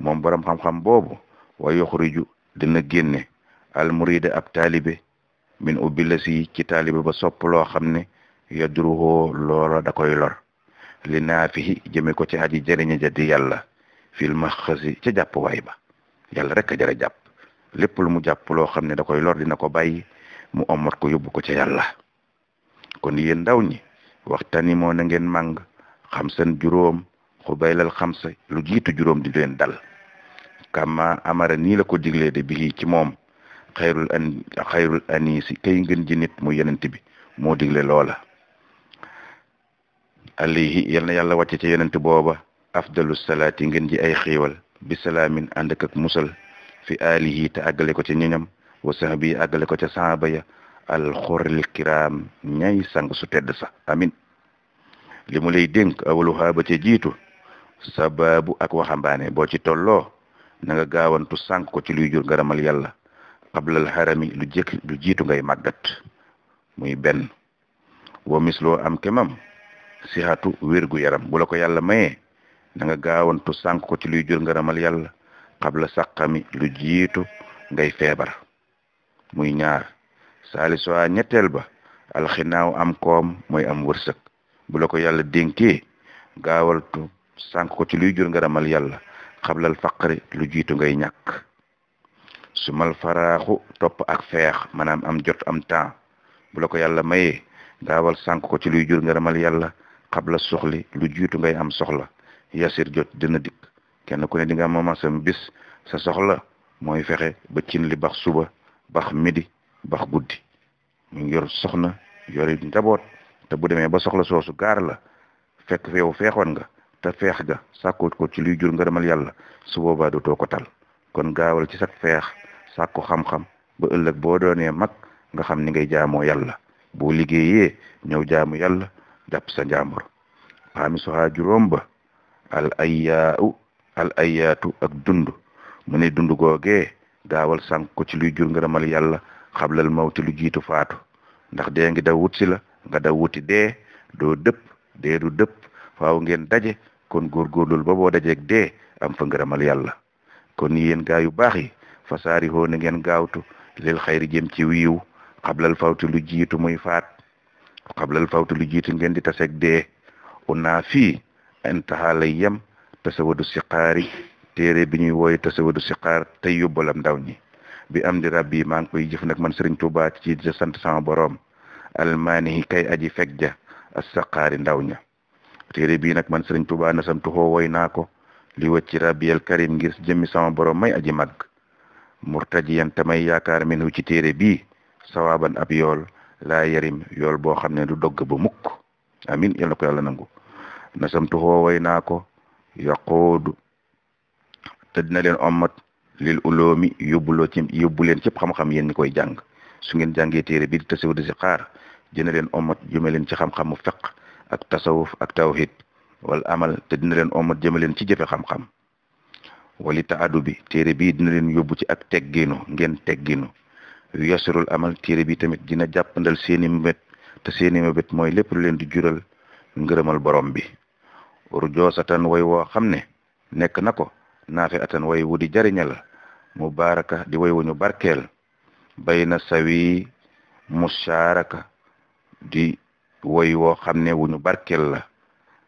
moom borom xam-xam boobu wa yuxriju dina génne almurida ab taalibe min ubbila si ci taalibe ba sopp loo xam ne yadruhoo loola da koy lor li naafihi jëme ko ci aji jëriña ja di yàlla fil maxasi ca jàpp waay ba yàlla rek a jëre jàpp lépp lu mu jàpp loo xam ne da koy lor dina ko bàyyi mu omat ko yóbbu ko ca yàlla kon yéen ndaw ñi waxtani moo na ngeen màng xam seen juróom xubaylal xamsa lu jiitu juróom di leen dal kama amara nii la ko diglee de bii ci moom xayrul an anisi kay ngeen ji nit mu yenent bi moo digle loola alayhi yal na yàlla wàcce ca booba afdalu salaati ngeen ji ay xiiwal bi salaamin ànd ak musal fi alihi te àggale ko ca ñoñam wa sahbi àggale ko ca saaba ya alxuril kiraam ñay sang su tedd sax amin li lay dénk awalu haaba ca jiitu sababu ak waxambaane boo ci tolloo na nga gaawantu sànq ko ci luy jur ngaramal yàlla xablal xarami lu jëkk lu jiitu ngay màggat muy benn wa misloo am kemam sixatu wirgu yaram bu la ko yàlla mayee na nga gaawantu sànq ko ci luy jur ngaramal yàlla xabla saqami lu jiitu ngay feebar muy ñaar saaliso a ñetteel ba alxinaaw am koom mooy am wërsëg bu la ko yàlla dénkee gaawaltu sànq ko ci luy jur ngërëmal yàlla xablal faqri lu jiitu ngay ñàkk su mal faraaxu topp ak feex maanaam am jot am temps bu la ko yàlla mayee gaawal sànq ko ci luy jur ngara ngërëmal yàlla xabla soxli lu jiitu ngay am soxla yasir jot dina dikk kenn ku ne di nga mama sam bis sa soxla mooy fexe ba cin li bax suba bax midi bax guddi mu ngi yor soxna yori njaboot te bu demee ba soxla soosu gaar la fekk yow feexoon nga te feex ga sàkkoot ko ci luy jur ngërëmal yàlla su boobaa dootoo ko tal kon gaawal ci sa feex sàkku xam-xam ba ëllëg boo doonee mag nga xam ni ngay jaamoo yàlla boo liggéeye ñëw jaamu yàlla jàpp sa njaambur xaami soxaa juróom ba al ayyaatu al ayyaatu ak dund mu ne dund googee gaawal sànq ko ci luy jur ngërëmal yàlla xablal mawti lu jiitu faatu ndax dee ngi daw wut si la nga daw wuti dee doo dëpp dee du dëpp faaw ngeen daje kon góorgóorlul ba boo dajeeg dee am fa ngërëmal yàlla kon yéen gaa yu baax yi fasaari hoo na ngeen gaawtu lil xayri jëm ci wiiw xablal fawti lu jiitu muy faat xablal fawti lu jiitu ngeen di taseeg dee unaa fii intaha lay yem tasawadu siqaari téere bi ñuy wooye tasawadu siqaar tey yóbbalam ndaw ñi bi am di rabbi yi maa ngi koy jëf nag man sëriñ Tuubaa ci sant sama boroom almaanihi kay aji fekk ja as saqaari ndaw ña téere bii nag man sëriñ Tuubaa na samtuxoo woy naa ko li wacci rabbiyal karim ngir jëmmi sama borom may aji mag murtajiyan tamay yaakaar minu ci téere bii sawaaban ab yool laa yarim yool boo xam ne du dogg ba mukk amin yal na ko yàlla nangu na samtuxoo woy naa ko yaqoodu te dina leen ommat lil uloomi yóbbuloo ci yóbbu leen cëpp xam-xam yéen ñi koy jàng su ngeen jàngee téere bi di tasawudu si xaar dina leen ommat jëme leen ci xam-xam mu feq ak tasawuf ak tawhid wala amal te dina leen omat jëmaleen ci jëfe xam-xam wali taadu bi téere bii dina leen yóbbu ci ak tegginu ngeen tegginu yasirul amal téere bi tamit dina jàppandal seeni mébét te seeni mébét mooy lépp lu leen di jural ngërëmal borom bi urjoosatan way woo xam ne nekk na ko naafi atan way wu di jariñal la mubaraka di way wu ñu barkeel bayna sawi musharaka di woy woo xam ne wu ñu barkel la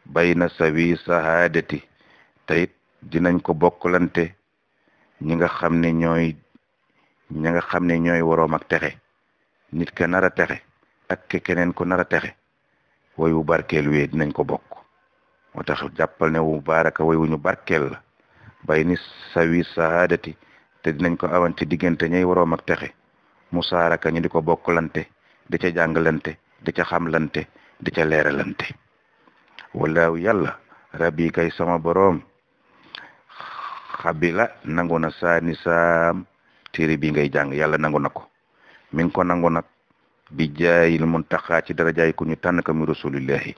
bay na sawi sahaadati te it dinañ ko bokkalante ñi nga xam ne ñooy ñi nga xam ne ñooy waroom ak texe nit ka nar texe ak keneen ku nar a texe woy wu barkeel wee dinañ ko bokk moo tax jàppal ne wu baaraka woy wu ñu barkel la bay ni sawi sahaadati te dinañ ko awan awante diggante ñay waroom texe musaaraka ñu di ko bokkalante di ca jàngalante di ca xamlante di ca leeralante walaaw yàlla rabi kay sama boroom xabila nangu na saani saam téere bi ngay jàng yàlla nangu na ko mi ngi ko nangu nag bi jaayil muntaxaa ci darajaay ku ñu tànn ka mi rasulillahi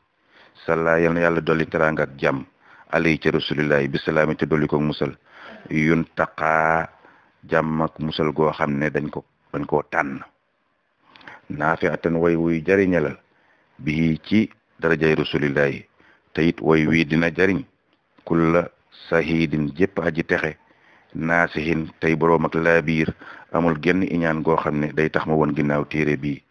salla na yàlla dolli teraanga ak jàmm alay ca rasulillahi bi dolli ko musal yun taxaa jàmm ak musal goo xam ne dañ ko dañ koo tànn naafi atan woy wuy jariñe la bii ci darajay rasulillahi te it way wii dina jariñ kulla sahidin jépp aji texe naasihin tey boroom ak laabiir amul genn iñaan goo xam ne day tax ma woon ginnaaw téere bii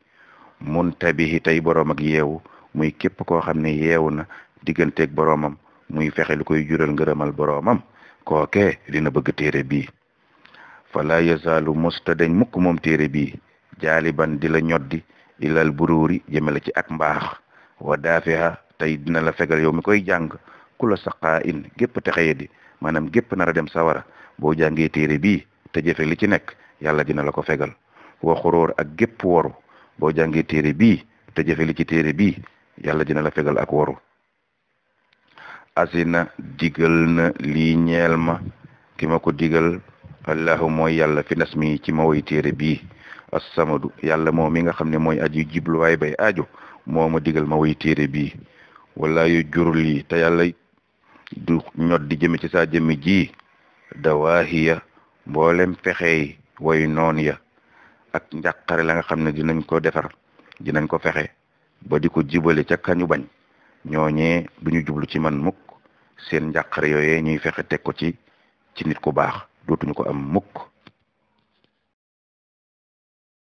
muntabihi tey boroom ak yeewu muy képp koo xam ne yeewu na digganteeg boroomam muy fexe lu koy jural ngërëmal boromam kookee dina bëgg téere bii fala yazaalu musta dañ mukk moom téere bii jaaliban di la ñoddi ilal buruuri jëme la ci ak mbaax wa daafiha tey dina la fegal yow mi koy jàng ku la saqaa in gépp texeye di maanaam gépp nar a dem sawara boo jàngee téere bi te jëfe li ci nekk yàlla dina la ko fegal wa xuróor ak gépp woru boo jàngee téere bii te jëfe li ci téere bi yàlla dina la fegal ak woru asina digal na lii ñeel ma ki ko digal allahu mooy yàlla fi nas mi ci ma woy téere bii assamadu yàlla moom mi nga xam ne mooy aji jibluwaay bay aajo moo ma digal ma way téere bii wala yu jurul yi te yàlla du ñod di jëme ci saa jëme ji dawaahiya mboolem fexey way noon ya ak njaqare la nga xam ne dinañ ko defar dinañ ko fexe ba di ko jibale ca kañu bañ ñooñee duñu jublu ci man mukk seen njaqare yooyee ñuy fexe teg ko ci ci nit ku baax dootuñu ko am mukk